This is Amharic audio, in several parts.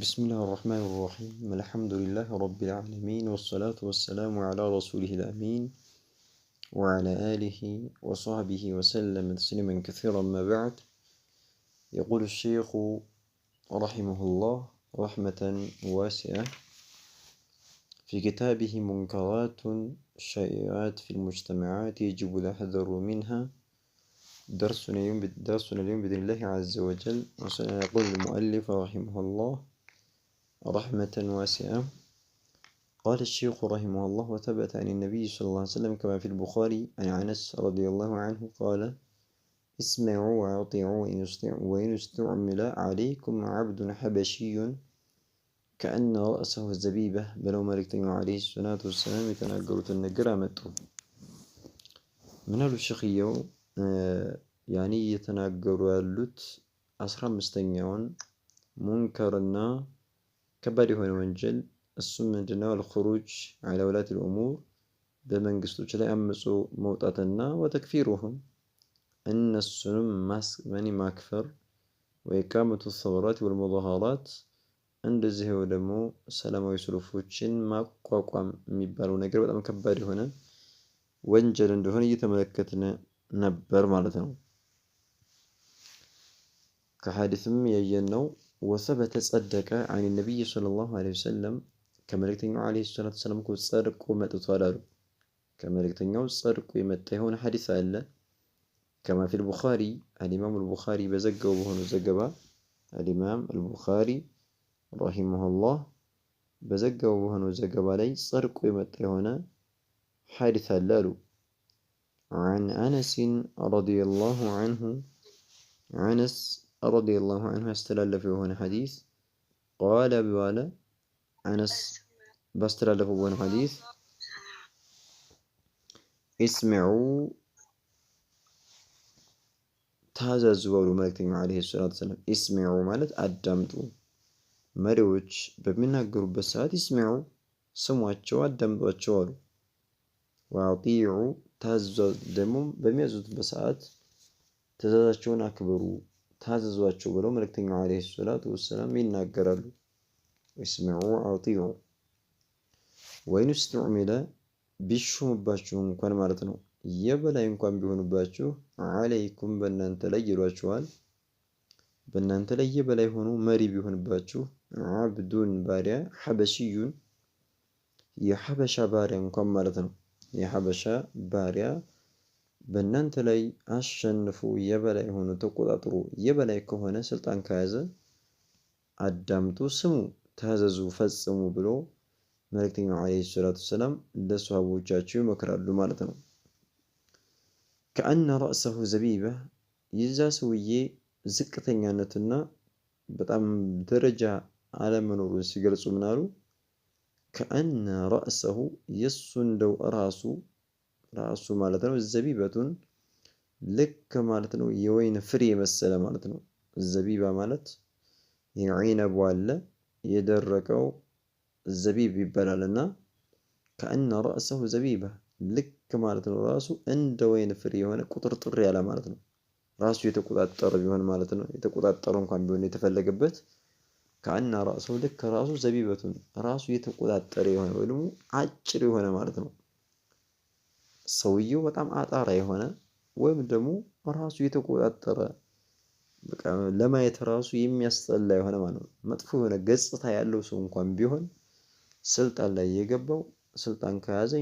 بسم الله الرحمن الرحيم الحمد لله رب العالمين والصلاة والسلام على رسوله الأمين وعلى آله وصحبه وسلم تسليما كثيرا ما بعد يقول الشيخ رحمه الله رحمة واسعة في كتابه منكرات شائعات في المجتمعات يجب الحذر منها درسنا اليوم درسنا اليوم بإذن الله عز وجل وسنقول المؤلف رحمه الله رحمة واسعة قال الشيخ رحمه الله وثبت عن النبي صلى الله عليه وسلم كما في البخاري عن أنس رضي الله عنه قال اسمعوا وأطيعوا وإن, استعمل عليكم عبد حبشي كأن رأسه الزبيبة بلو ملكتين عليه الصلاة والسلام تناقرت النقرامته من الشيخ آه، يعني يتنقر اللوت أسرى مستنيون منكرنا ከባድ የሆነ ወንጀል እሱም ምንድነው? አልኹሩጅ አላ ወላት ልእሙር በመንግስቶች ላይ አምጾ መውጣትና ወተክፊሩሁም እነሱንም ማስመኒ ማክፈር ወኢቃመቱ ሰበራት ወልሙዛሃራት እንደዚህው ደግሞ ሰላማዊ ሰልፎችን ማቋቋም የሚባለው ነገር በጣም ከባድ የሆነ ወንጀል እንደሆነ እየተመለከትን ነበር ማለት ነው። ከሀዲስም ያየን ነው። وثبت صدق عن النبي صلى الله عليه وسلم كما لكتنيو عليه الصلاة والسلام كو سرقو ما تطالرو كما لكتنيو سرقو ما تهون حديث ألا كما في البخاري الإمام البخاري بزق وبهن زقبا الإمام البخاري رحمه الله بزق وبهن زقبا لي سرقو ما تهون حديث ألالو عن أنس رضي الله عنه أنس رضي الله عنه استلال في هنا حديث قال بوالا أنس بستلال في هنا حديث اسمعوا تازا زوار ملك عليه الصلاة والسلام اسمعوا مالت أدامتو مروج بمنا قرب الساعات اسمعوا سموا اتشوا أدامتو اتشوا وعطيعوا تازا دمو بمنا قرب الساعات تازا اتشونا كبروا ታዘዟቸው ብለው መልክተኛው ዓለይሂ ሰላቱ ወሰላም ይናገራሉ። እስምዑ አጢዑ ወይን ስትዑሚለ ቢሹምባችሁ እንኳን ማለት ነው የበላይ እንኳን ቢሆንባችሁ ዓለይኩም በእናንተ ላይ ይሏችኋል። በእናንተ ላይ የበላይ ሆኖ መሪ ቢሆንባችሁ ዓብዱን ባሪያ ሐበሽዩን የሐበሻ ባሪያ እንኳን ማለት ነው የሐበሻ ባሪያ በእናንተ ላይ አሸንፉ፣ የበላይ ሆኖ ተቆጣጥሮ የበላይ ከሆነ ስልጣን ከያዘ አዳምጡ፣ ስሙ፣ ታዘዙ፣ ፈጽሙ ብሎ መልእክተኛው ዓለይሂ ሰላቱ ወሰላም ለሰሃቦቻቸው ይመክራሉ ማለት ነው። ከአነ ረእሰሁ ዘቢበ የዛ ሰውዬ ዝቅተኛነትና በጣም ደረጃ አለመኖሩን ሲገልጹ ምናሉ ከአነ ረእሰሁ የእሱ እንደው ራሱ ራሱ ማለት ነው። ዘቢበቱን ልክ ማለት ነው የወይን ፍሬ የመሰለ ማለት ነው። ዘቢባ ማለት የዒነቡ አለ የደረቀው ዘቢብ ይባላል እና ከእነ ረእሰሁ ዘቢባ ልክ ማለት ነው ራሱ እንደ ወይን ፍሬ የሆነ ቁጥርጥር ያለ ማለት ነው። ራሱ የተቆጣጠረ ቢሆን ማለት ነው። የተቆጣጠረ እንኳን ቢሆን የተፈለገበት ከአና ራሱ ልክ ራሱ ዘቢበቱን ራሱ የተቆጣጠረ የሆነ ወይ ደግሞ አጭር የሆነ ማለት ነው። ሰውየው በጣም አጣራ የሆነ ወይም ደግሞ ራሱ የተቆጣጠረ ለማየት ራሱ የሚያስጠላ የሆነ ማለት ነው። መጥፎ የሆነ ገጽታ ያለው ሰው እንኳን ቢሆን ስልጣን ላይ የገባው ስልጣን ከያዘ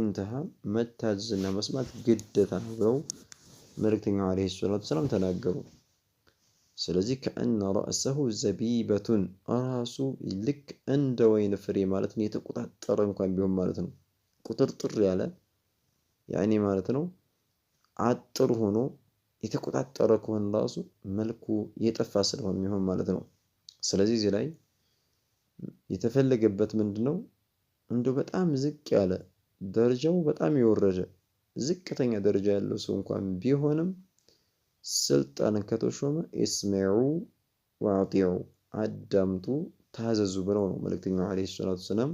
ኢንትሃ መታዘዝና መስማት ግዴታ ነው ብለው መልእክተኛው ዓለይሂ ሰላቱ ሰላም ተናገሩ። ስለዚህ ከእነ ረእሰሁ ዘቢበቱን ራሱ ልክ እንደ ወይን ፍሬ ማለት ነው። የተቆጣጠረ እንኳን ቢሆን ማለት ነው ቁጥርጥር ያለ ያኔ ማለት ነው አጥር ሆኖ የተቆጣጠረ ከሆነ ራሱ መልኩ የጠፋ ስለሆነ የሚሆን ማለት ነው። ስለዚህ እዚህ ላይ የተፈለገበት ምንድን ነው? እንዲሁ በጣም ዝቅ ያለ ደረጃው በጣም የወረደ ዝቅተኛ ደረጃ ያለው ሰው እንኳን ቢሆንም ስልጣን ከተሾመ ኢስሜዑ ወአጢዑ አዳምጡ፣ ታዘዙ ብለው ነው መልእክተኛው ዓለይሂ ሰላቱ ሰላም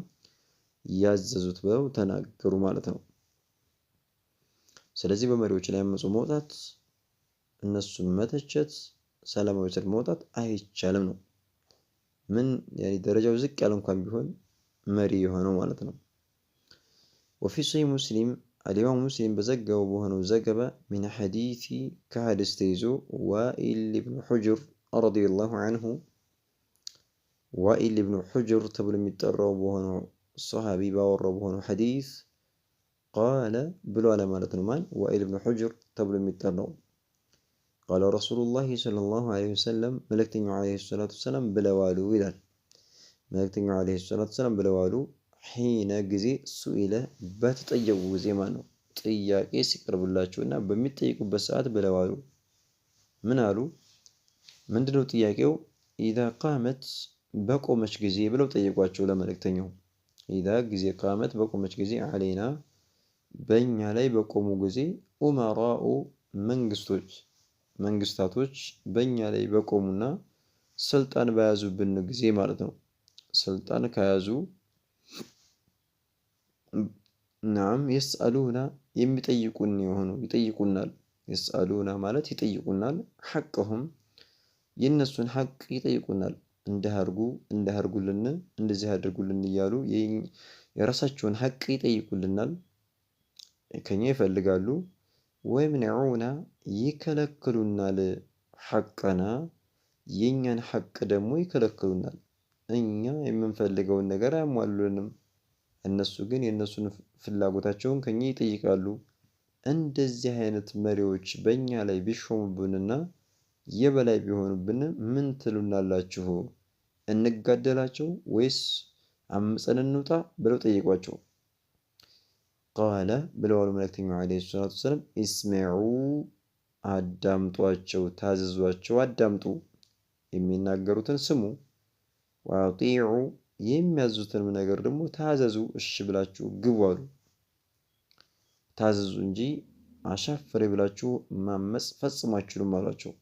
ያዘዙት ብለው ተናገሩ ማለት ነው። سلازي بمريو جلية مزو موتات النسو مدى جات سلامة ويسر موتات أهي جالمنو من يعني درجة وزكي ألم قام بيهون مريو هنو مالتنو وفي صحيح مسلم الإمام مسلم بزقه وبهنو زقبه من حديث كهل استيزو وإل ابن حجر رضي الله عنه وإل ابن حجر تبلم الترى وبهنو صحابي باور وبهنو حديث ቃለ ብሎ አለ ማለት ነው። ማን ዋኢል ብኑ ሑጅር ተብሎ የሚጠራው ቃለ ረሱሉላሂ ሰለላሁ ዐለይሂ ወሰለም መልእክተኛው ዐለይሂ ሰላቱ ወሰላም ብለዋሉ ይላል። መልእክተኛው ዐለይሂ ሰላቱ ወሰላም ብለዋሉ ሒነ ጊዜ ሱኢለ በተጠየቁ ጊዜ ማለት ነው። ጥያቄ ሲቀርብላቸው እና በሚጠይቁበት ሰዓት ብለዋሉ ምን አሉ? ምንድነው ጥያቄው? ኢዛ ቃመት በቆመች ጊዜ ብለው ጠየቋቸው ለመልእክተኛው ኢዛ ጊዜ ቃመት በቆመች ጊዜ አለይና በእኛ ላይ በቆሙ ጊዜ ኡመራኡ መንግስቶች መንግስታቶች በእኛ ላይ በቆሙና ስልጣን በያዙብን ጊዜ ማለት ነው። ስልጣን ከያዙ ናም የስአሉና የሚጠይቁን የሆኑ ይጠይቁናል። የስአሉና ማለት ይጠይቁናል። ሐቅሁም የእነሱን ሐቅ ይጠይቁናል። እንዳርጉ እንዳርጉልን፣ እንደዚህ አድርጉልን እያሉ የራሳቸውን ሐቅ ይጠይቁልናል። ከኛ ይፈልጋሉ ወየምነዑነ ይከለክሉናል ሐቀና የእኛን ሐቅ ደግሞ ይከለክሉናል። እኛ የምንፈልገውን ነገር አያሟሉልንም። እነሱ ግን የእነሱን ፍላጎታቸውን ከኛ ይጠይቃሉ። እንደዚህ አይነት መሪዎች በእኛ ላይ ቢሾሙብንና የበላይ ቢሆኑብን ምን ትሉናላችሁ? እንጋደላቸው ወይስ አምፀን እንውጣ ብለው ጠይቋቸው ቃለ ብለዋሉ መልእክተኛው ዓለይሂ ሰላቱ ወሰላም ኢስሚዑ አዳምጧቸው፣ ታዘዟቸው፣ አዳምጡ የሚናገሩትን ስሙ፣ ወአጢዑ የሚያዙትንም ነገር ደግሞ ታዘዙ፣ እሺ ብላችሁ ግቡ አሉ። ታዘዙ እንጂ አሻፈሬ ብላችሁ ማመፅ ፈጽማችሁልም አሏቸው።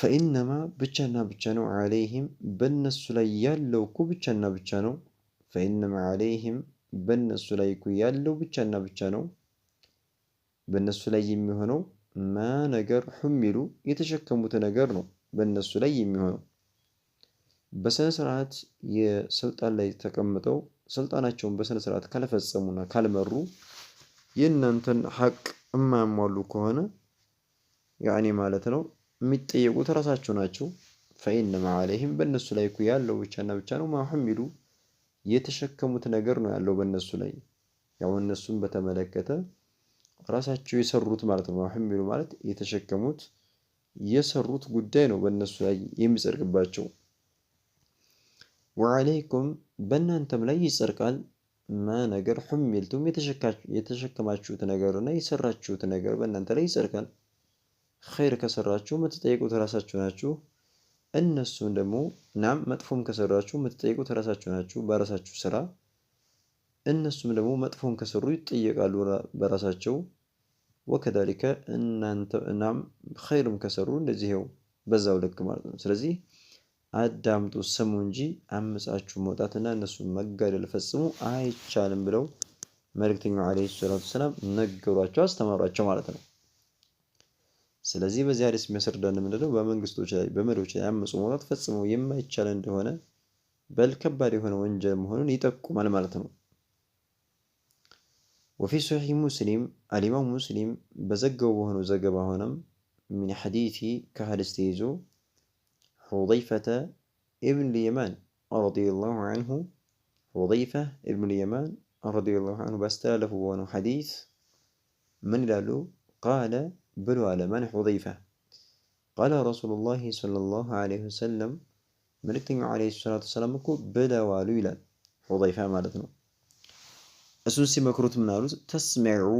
ፈኢነማ ብቻና ብቻ ነው ዓለይሂም በእነሱ ላይ ያለው እኮ ብቻና ብቻ ነው። ፈኢነማ ዓለይሂም በእነሱ ላይ እኮ ያለው ብቻና ብቻ ነው። በእነሱ ላይ የሚሆነው ማ ነገር ሑሚሉ የተሸከሙት ነገር ነው። በእነሱ ላይ የሚሆነው በስነ ስርዓት የስልጣን ላይ ተቀምጠው ስልጣናቸውን በስነ ስርዓት ካልፈጸሙና ካልመሩ የእናንተን ሀቅ እማያሟሉ ከሆነ ያኔ ማለት ነው የሚጠየቁት ራሳቸው ናቸው። ፈኢነማ ዓለይህም በእነሱ ላይ እኮ ያለው ብቻና ብቻ ነው ማ ሑሚሉ የተሸከሙት ነገር ነው ያለው በእነሱ ላይ። ያው እነሱን በተመለከተ ራሳቸው የሰሩት ማለት ነው። ሐሚሉ ማለት የተሸከሙት የሰሩት ጉዳይ ነው በእነሱ ላይ የሚጸድቅባቸው። ወአለይኩም በእናንተም ላይ ይጸድቃል ማ ነገር ሑሚልቱም የተሸከማችሁት ነገር እና የሰራችሁት ነገር በእናንተ ላይ ይጸድቃል። ኸይር ከሰራችሁ የምትጠይቁት ራሳችሁ ናችሁ። እነሱም ደግሞ እናም መጥፎም ከሰራችሁ የምትጠይቁት ራሳችሁ ናችሁ በራሳችሁ ስራ። እነሱም ደግሞ መጥፎም ከሰሩ ይጠየቃሉ በራሳቸው ወከዳሊከ እናንተ እናም ኸይርም ከሰሩ እንደዚህው በዛው ልክ ማለት ነው። ስለዚህ አዳምጡ፣ ስሙ እንጂ አምጻችሁ መውጣትና እነሱ መጋደል ፈጽሙ አይቻልም ብለው መልእክተኛው ዓለይሂ ሰላቱ ሰላም ነገሯቸው፣ አስተማሯቸው ማለት ነው። سلازي بزيارس مصر دان من دلو بمن قسطو جاي بمرو جاي عم صمودات فتصمو يما يتشالن دهونا بل كباري هنا وانجا مهنون يتاكو مال مالتنو وفي صحيح مسلم الامام مسلم بزقو بهنو زقبا هنم من حديثي كهرستيزو حضيفة ابن اليمان رضي الله عنه وضيفة ابن اليمان رضي الله عنه بس تالفوا حديث من لالو قال بلوا على من حذيفة قال رسول الله صلى الله መልእክተኛው ዓለይሂ ሰላቱ ሰላም እኮ ብለዋሉ ይላል ሁዘይፋ ማለት ነው። እሱን ሲመክሩት ምን አሉት? ተስሚዑ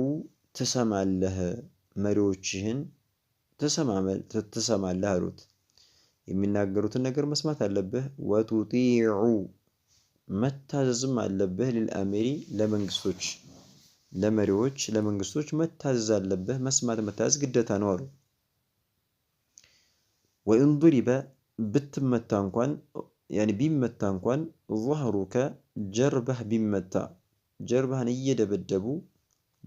ትሰማለህ፣ መሪዎችህን ትሰማለህ አሉት። የሚናገሩትን ነገር መስማት አለብህ። ወቱጢዑ መታዘዝም አለብህ፣ ልልአሚሪ ለመንግስቶች ለመሪዎች ለመንግስቶች መታዘዝ አለብህ፣ መስማት መታዘዝ ግዴታ ነው አሉ። ወኢን ዱሪበ ብትመታ እንኳን ያኒ ቢመታ እንኳን ظهሩከ ጀርባህ ቢመታ ጀርባህን እየደበደቡ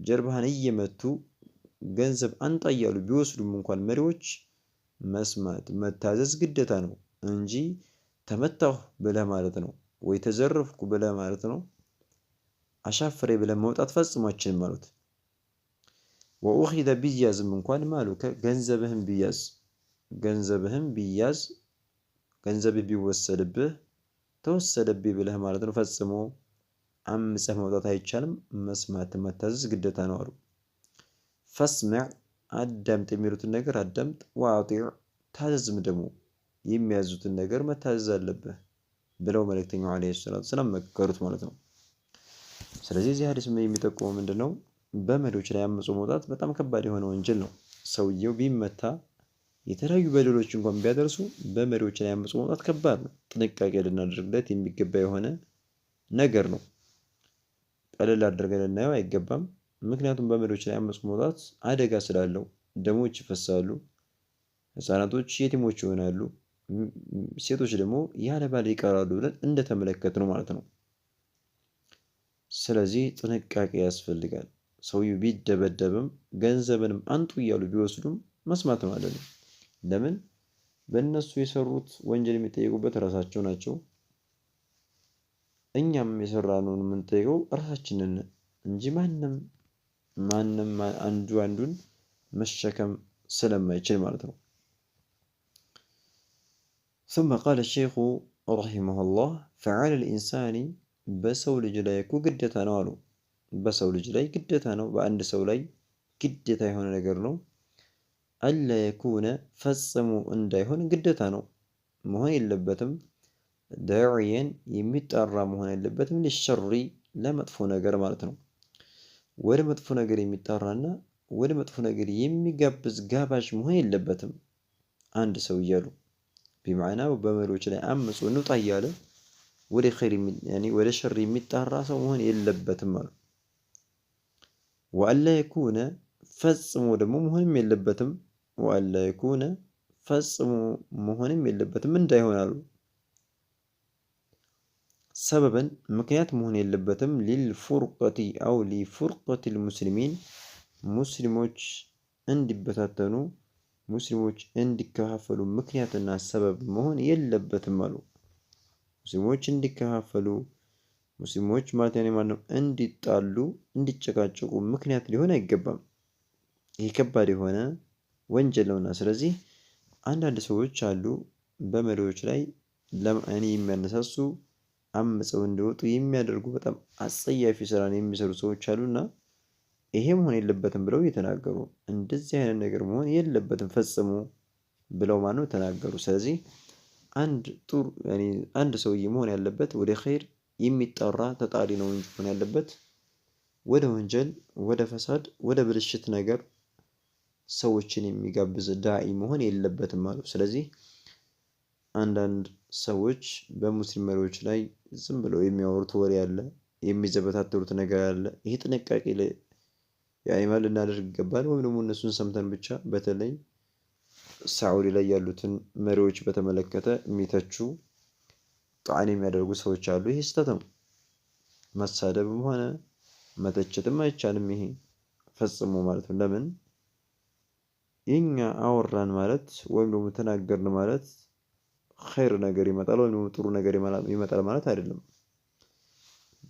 ጀርባህን እየመቱ ገንዘብ አንጣ እያሉ ቢወስዱም እንኳን መሪዎች መስማት መታዘዝ ግዴታ ነው እንጂ ተመታሁ ብለህ ማለት ነው ወይ ተዘረፍኩ ብለህ ማለት ነው አሻፍሬ ብለን መውጣት ፈጽሞ አይችልም አሉት። ወኡኺዘ ቢያዝም እንኳን ማሉ ገንዘብህም ቢያዝ ገንዘብህም ቢያዝ ገንዘብህ ቢወሰድብህ ተወሰደብህ ብለህ ማለት ነው ፈጽሞ አምፀህ መውጣት አይቻልም። መስማት መታዘዝ ግዴታ ነው አሉ። ፈስምዕ አዳምጥ የሚሉትን ነገር አዳምጥ፣ ዋጢዕ ታዘዝም ደግሞ የሚያዙትን ነገር መታዘዝ አለብህ ብለው መልእክተኛው ዓለይሂ ሰላቱ ሰላም መከሩት ማለት ነው። ስለዚህ እዚህ ሀዲስ የሚጠቁመው ምንድን ነው? በመዶች ላይ አመፁ መውጣት በጣም ከባድ የሆነ ወንጀል ነው። ሰውየው ቢመታ የተለያዩ በደሎች እንኳን ቢያደርሱ በመሪዎች ላይ አመፁ መውጣት ከባድ ነው። ጥንቃቄ ልናደርግለት የሚገባ የሆነ ነገር ነው። ቀለል አድርገን ልናየው አይገባም። ምክንያቱም በመሪዎች ላይ አመፁ መውጣት አደጋ ስላለው ደሞች ይፈሳሉ፣ ህፃናቶች የቲሞች ይሆናሉ፣ ሴቶች ደግሞ ያለ ባል ይቀራሉ ብለን እንደተመለከት ነው ማለት ነው። ስለዚህ ጥንቃቄ ያስፈልጋል። ሰውዬው ቢደበደብም ገንዘብንም አንጡ እያሉ ቢወስዱም መስማት ማለት ነው። ለምን በእነሱ የሰሩት ወንጀል የሚጠየቁበት ራሳቸው ናቸው። እኛም የሰራነውን የምንጠይቀው ራሳችንን እንጂ ማንም ማንም አንዱ አንዱን መሸከም ስለማይችል ማለት ነው። ثم قال الشيخ رحمه الله فعلى الإنسان በሰው ልጅ ላይ እኮ ግዴታ ነው አሉ። በሰው ልጅ ላይ ግዴታ ነው፣ በአንድ ሰው ላይ ግዴታ የሆነ ነገር ነው። አላ የኩነ ፈጽሞ እንዳይሆን ግዴታ ነው፣ መሆን የለበትም። ዳዕየን የሚጠራ መሆን የለበትም። ሊሸሪ ለመጥፎ ነገር ማለት ነው። ወደ መጥፎ ነገር የሚጠራና ወደ መጥፎ ነገር የሚጋብዝ ጋባዥ መሆን የለበትም። አንድ ሰው እያሉ ቢማዕና በመሪዎች ላይ አመፁ እንውጣ እያለ ወደ ኸይር ወደ ሸር የሚጣራ ሰው መሆን የለበትም አሉ። ወአላ የኩነ ፈጽሞ ደግሞ መሆንም የለበትም ወአላ የኩነ ፈጽሞ መሆንም የለበትም እንዳይሆን አሉ። ሰበበን ምክንያት መሆን የለበትም ሊልፉርቀቲ አው ሊፉርቀቲ ልሙስሊሚን ሙስሊሞች እንዲበታተኑ ሙስሊሞች እንዲከፋፈሉ ምክንያትና ሰበብ መሆን የለበትም አሉ። ሙስሊሞች እንዲከፋፈሉ ሙስሊሞች ማለት ያኔ ነው እንዲጣሉ እንዲጨቃጨቁ ምክንያት ሊሆን አይገባም። ይህ ከባድ የሆነ ወንጀል ነውና፣ ስለዚህ አንዳንድ ሰዎች አሉ በመሪዎች ላይ ለእኔ የሚያነሳሱ አምፀው እንዲወጡ የሚያደርጉ በጣም አጸያፊ ስራን የሚሰሩ ሰዎች አሉና ይሄ መሆን የለበትም ብለው እየተናገሩ እንደዚህ አይነት ነገር መሆን የለበትም ፈጽሞ ብለው ማነው ተናገሩ። ስለዚህ አንድ ጥሩ አንድ ሰውዬ መሆን ያለበት ወደ ኸይር የሚጠራ ተጣሪ ነው እንጂ መሆን ያለበት ወደ ወንጀል፣ ወደ ፈሳድ፣ ወደ ብልሽት ነገር ሰዎችን የሚጋብዝ ዳኢ መሆን የለበትም ማለት። ስለዚህ አንዳንድ ሰዎች በሙስሊም መሪዎች ላይ ዝም ብለው የሚያወሩት ወሬ አለ፣ የሚዘበታተሩት ነገር አለ። ይሄ ጥንቃቄ ላይ ያኔ ማለት ልናደርግ ይገባል። ወይም ደግሞ እነሱን ሰምተን ብቻ በተለይ ሳዑዲ ላይ ያሉትን መሪዎች በተመለከተ የሚተቹ ጣን የሚያደርጉ ሰዎች አሉ። ይሄ ስህተት ነው። መሳደብም ሆነ መተቸትም አይቻልም። ይሄ ፈጽሞ ማለት ነው። ለምን የኛ አወራን ማለት ወይም ደግሞ ተናገርን ማለት ኸይር ነገር ይመጣል ወይም ደግሞ ጥሩ ነገር ይመጣል ማለት አይደለም።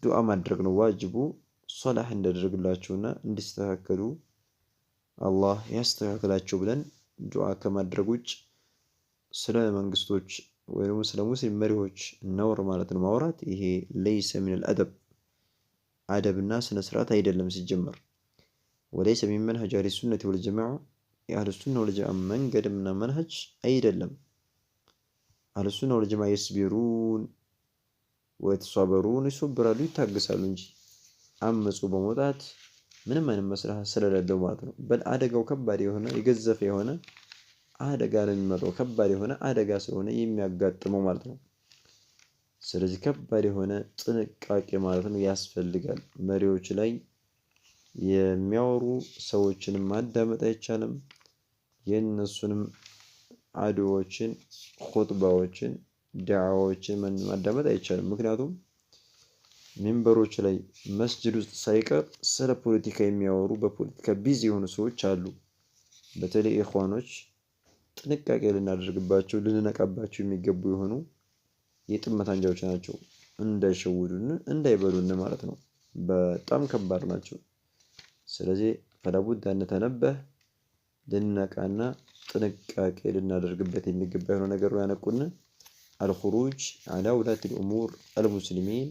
ዱዓ ማድረግ ነው ዋጅቡ። ሶላህ እንዳደርግላቸውና እንዲስተካከሉ አላህ ያስተካክላቸው ብለን ዱዓ ከማድረግ ውጭ ስለ መንግስቶች ወይ ደግሞ ስለ ሙስሊም መሪዎች ነውር ማለት ነው ማውራት። ይሄ ለይሰ ሚነል አደብ አደብና ስነ ስርዓት አይደለም ሲጀመር። ወለይሰ ሚን መንሀጅ አህሊ ሱነቲ ወልጀማዓ የአህል ሱና ወልጀማ መንገድምና መንሀጅ አይደለም። አህል ሱና ወልጀማ የስቢሩን ወየተሷበሩን ይሶብራሉ፣ ይታገሳሉ እንጂ አመፁ በመውጣት ምንም አይነት መስሪያ ስለሌለው ማለት ነው። አደጋው ከባድ የሆነ የገዘፈ የሆነ አደጋ ነው የሚመጣው ከባድ የሆነ አደጋ ስለሆነ የሚያጋጥመው ማለት ነው። ስለዚህ ከባድ የሆነ ጥንቃቄ ማለት ነው ያስፈልጋል። መሪዎች ላይ የሚያወሩ ሰዎችንም ማዳመጥ አይቻልም። የእነሱንም አድዎችን ኹጥባዎችን ዳዕዋዎችን ማዳመጥ አይቻልም። ምክንያቱም ሚንበሮች ላይ መስጅድ ውስጥ ሳይቀር ስለ ፖለቲካ የሚያወሩ በፖለቲካ ቢዚ የሆኑ ሰዎች አሉ። በተለይ ኢኽዋኖች ጥንቃቄ ልናደርግባቸው ልንነቃባቸው የሚገቡ የሆኑ የጥመት አንጃዎች ናቸው። እንዳይሸውዱን እንዳይበሉን ማለት ነው። በጣም ከባድ ናቸው። ስለዚህ ፈለቡድ እንተነበህ ልንነቃና ጥንቃቄ ልናደርግበት የሚገባ የሆነ ነገር ያነቁን አልኹሩጅ አላ ውላት ልእሙር አልሙስሊሚን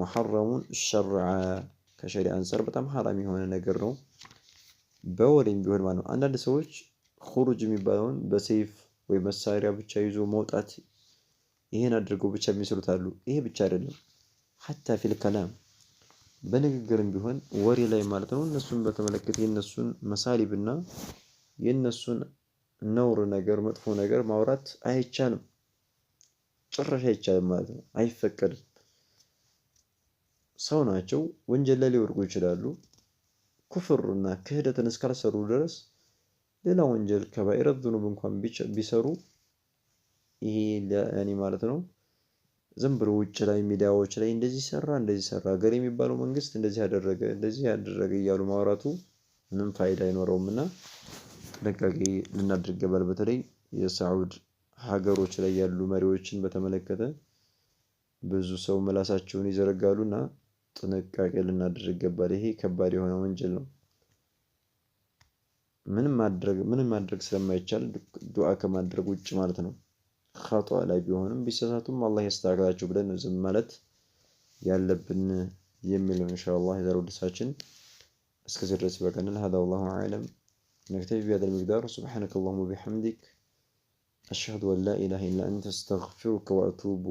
ሙሐረሙን ሸርዓ ከሸሪዓ አንፃር በጣም ሀራም የሆነ ነገር ነው። በወሬም ቢሆን ማለት ነው። አንዳንድ ሰዎች ሁሩጅ የሚባለውን በሰይፍ ወይ መሳሪያ ብቻ ይዞ መውጣት ይሄን አድርገው ብቻ የሚሰሩት አሉ። ይሄ ብቻ አይደለም፣ ሐታ ፊል ከላም በንግግርም ቢሆን ወሬ ላይ ማለት ነው። እነሱን በተመለከተ የነሱን መሳሊብና የነሱን ነውር ነገር መጥፎ ነገር ማውራት አይቻልም፣ ጭራሽ አይቻልም ማለት ነው፣ አይፈቀድም። ሰው ናቸው። ወንጀል ላይ ሊወድቁ ይችላሉ። ኩፍሩና ክህደትን እስካልሰሩ ድረስ ሌላ ወንጀል ከባኢረ ዙኑብ እንኳን ቢሰሩ ይሄ ያኔ ማለት ነው ዝም ብሎ ውጭ ላይ ሚዲያዎች ላይ እንደዚህ ሰራ እንደዚህ ሰራ ሀገር የሚባለው መንግስት እንደዚህ ያደረገ እንደዚህ ያደረገ እያሉ ማውራቱ ምን ፋይዳ አይኖረውም እና ጥንቃቄ ልናደርግ ይገባል። በተለይ የሳዑድ ሀገሮች ላይ ያሉ መሪዎችን በተመለከተ ብዙ ሰው ምላሳቸውን ይዘረጋሉ እና ጥንቃቄ ልናደርግ ይገባል። ይሄ ከባድ የሆነ ወንጀል ነው። ምንም ማድረግ ምንም ማድረግ ስለማይቻል ዱዓ ከማድረግ ውጭ ማለት ነው። ኸጧ ላይ ቢሆንም ቢሳሳቱም አላህ ያስተካክላቸው ብለን ዝም ማለት ያለብን የሚል ነው። ኢንሻአላህ የዛሬው ደሳችን እስከዚህ ድረስ ይበቃናል። هذا والله اعلم نكتفي بهذا المقدار سبحانك اللهم ቢሐምዲክ أشهد أن لا إله إلا أنت أستغفرك وأتوب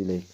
إليك